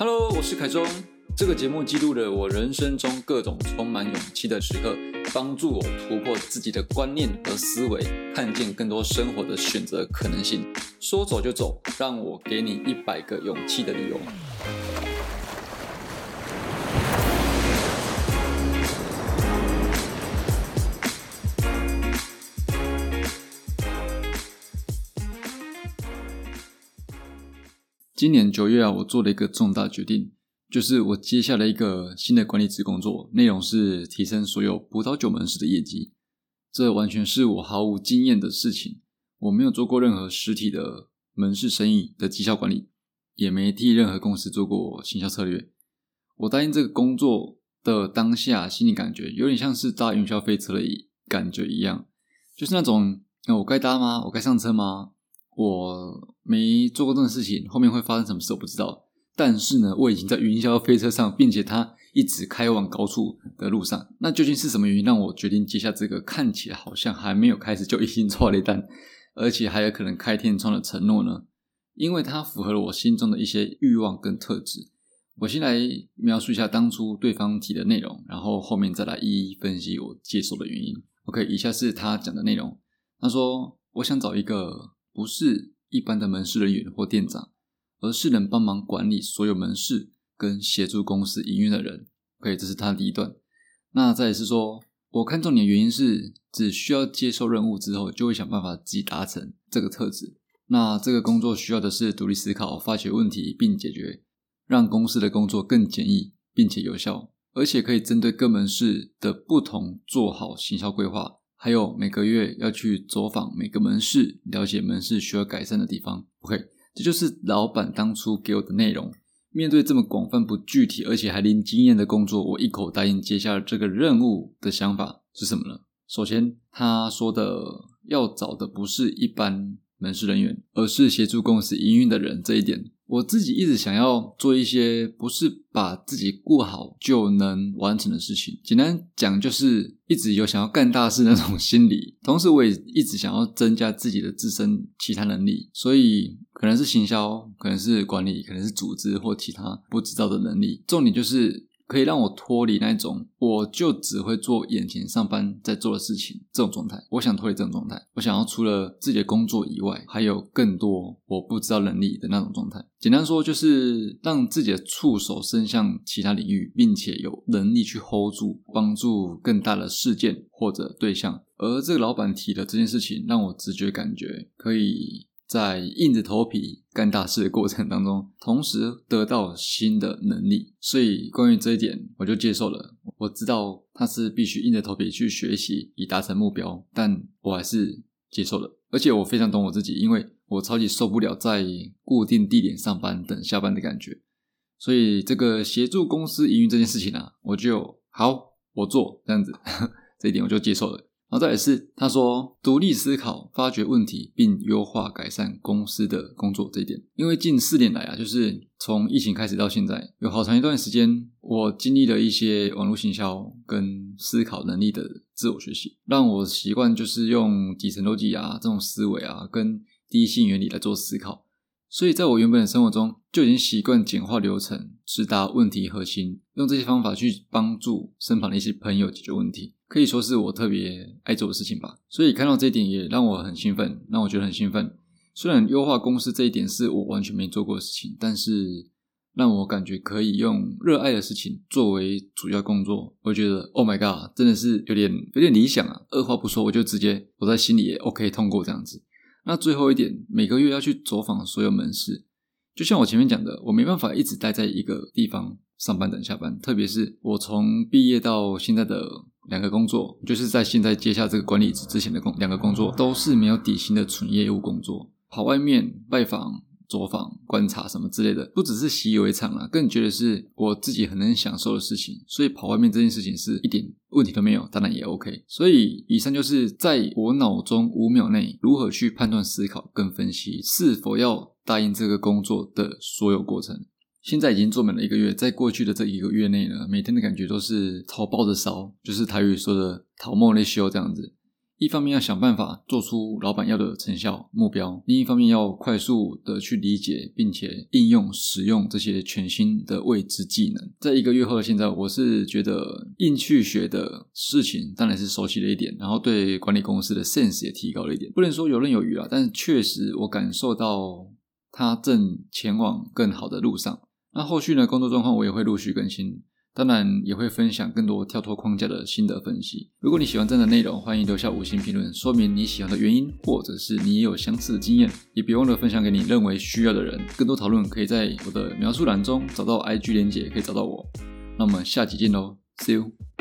Hello，我是凱中。這個節目記錄了我人生中各種充滿勇氣的時刻，幫助我突破自己的觀念和思維，看見更多生活的選擇可能性。說走就走，讓我給你一百個勇氣的理由。今年九月啊，我做了一個重大決定，就是我接下了一個新的管理職工作，內容是提升所有葡萄酒門市的業績。這完全是我毫無經驗的事情，我沒有做過任何實體的門市生意的績效管理，也沒替任何公司做過行銷策略。我答應這個工作的當下，心理感覺有點像是搭雲霄飛車的感覺一樣，就是那種我該搭嗎？我該上車嗎？我沒做過這種事情，後面會發生什麼事我不知道。但是呢，我已經在雲霄飛車上，並且他一直開往高處的路上。那究竟是什麼原因讓我決定接下這個看起來好像還沒有開始就已經爆雷蛋，而且還有可能開天窗的承諾呢？因為它符合了我心中的一些慾望跟特質。我先來描述一下當初對方提的內容，然後後面再來一一分析我接受的原因。OK，以下是他講的內容：他說，我想找一個。不是一般的門市人員或店長，而是能幫忙管理所有門市跟協助公司營運的人。可以，這是他的第一段。那再是說，我看中你的原因是，只需要接受任務之後，就會想辦法自己達成這個特質。那這個工作需要的是獨立思考、發掘問題並解決，讓公司的工作更簡易並且有效，而且可以針對各門市的不同做好行銷規劃。還有每個月要去走訪每個門市，了解門市需要改善的地方。OK，這就是老闆當初給我的內容。面對這麼廣泛、不具體，而且還零經驗的工作，我一口答應接下來這個任務的想法是什麼呢？首先，他說的要找的不是一般。門市人員，而是協助公司營運的人。這一點，我自己一直想要做一些不是把自己過好就能完成的事情。簡單講，就是一直有想要幹大事那種心理。同時，我也一直想要增加自己的自身其他能力，所以可能是行銷，可能是管理，可能是組織或其他不知道的能力。重點就是。可以讓我脫離那種我就只會做眼前上班在做的事情這種狀態，我想脫離這種狀態，我想要除了自己的工作以外，還有更多我不知道能力的那種狀態。簡單說，就是讓自己的觸手伸向其他領域，並且有能力去 hold 住，幫助更大的事件或者對象。而這個老闆提的這件事情，讓我直覺感覺可以。在硬着頭皮幹大事的過程當中，同時得到新的能力，所以關於這一點，我就接受了。我知道他是必須硬着頭皮去學習以達成目標，但我還是接受了。而且我非常懂我自己，因為我超級受不了在固定地點上班等下班的感覺，所以這個協助公司營運這件事情啊，我就，好，我做，這樣子， 這一點我就接受了。然後再來是，他說獨立思考、發掘問題並優化改善公司的工作這一點。因為近四年來啊，就是從疫情開始到現在，有好長一段時間，我經歷了一些網絡行銷跟思考能力的自我學習，讓我習慣就是用底層邏輯啊、這種思維啊、跟第一性原理來做思考。所以在我原本的生活中，就已經習慣簡化流程、直達問題核心，用這些方法去幫助身旁的一些朋友解決問題。可以說是我特別愛做的事情吧，所以看到這一點也讓我很興奮，讓我覺得很興奮。雖然優化公司這一點是我完全沒做過的事情，但是讓我感覺可以用熱愛的事情作為主要工作，我覺得 Oh my god，真的是有點有點理想啊！二話不說，我就直接我在心裡也 OK 通過這樣子。那最後一點，每個月要去走訪所有門市，就像我前面講的，我沒辦法一直待在一個地方上班等下班，特別是我從畢業到現在的。兩個工作就是在現在接下這個管理職之前的工，兩個工作都是沒有底薪的純業務工作，跑外面拜訪、走訪、觀察什麼之類的，不只是習以為常了啊，更覺得是我自己很能享受的事情，所以跑外面這件事情是一點問題都沒有，當然也 OK。所以以上就是在我腦中五秒內如何去判斷、思考跟分析是否要答應這個工作的所有過程。現在已經做滿了一個月，在過去的這一個月內呢，每天的感覺都是頭殼抱咧燒，就是台語說的“頭殼抱咧燒”這樣子。一方面要想辦法做出老板要的成效目標，另一方面要快速的去理解並且應用使用這些全新的未知技能。在一個月後的現在，我是覺得硬去學的事情當然是熟悉了一點，然後對管理公司的 sense 也提高了一點，不能說游刃有餘啊，但是確實我感受到他正前往更好的路上。那後續呢，工作狀況我也會陸續更新，當然也會分享更多跳脫框架的心得分析。如果你喜歡這樣的內容，歡迎留下五星評論，說明你喜歡的原因，或者是你也有相似的經驗，也別忘了分享給你認為需要的人。更多討論可以在我的描述欄中找到 IG 連結，可以找到我。那我們下集見嘍，See you。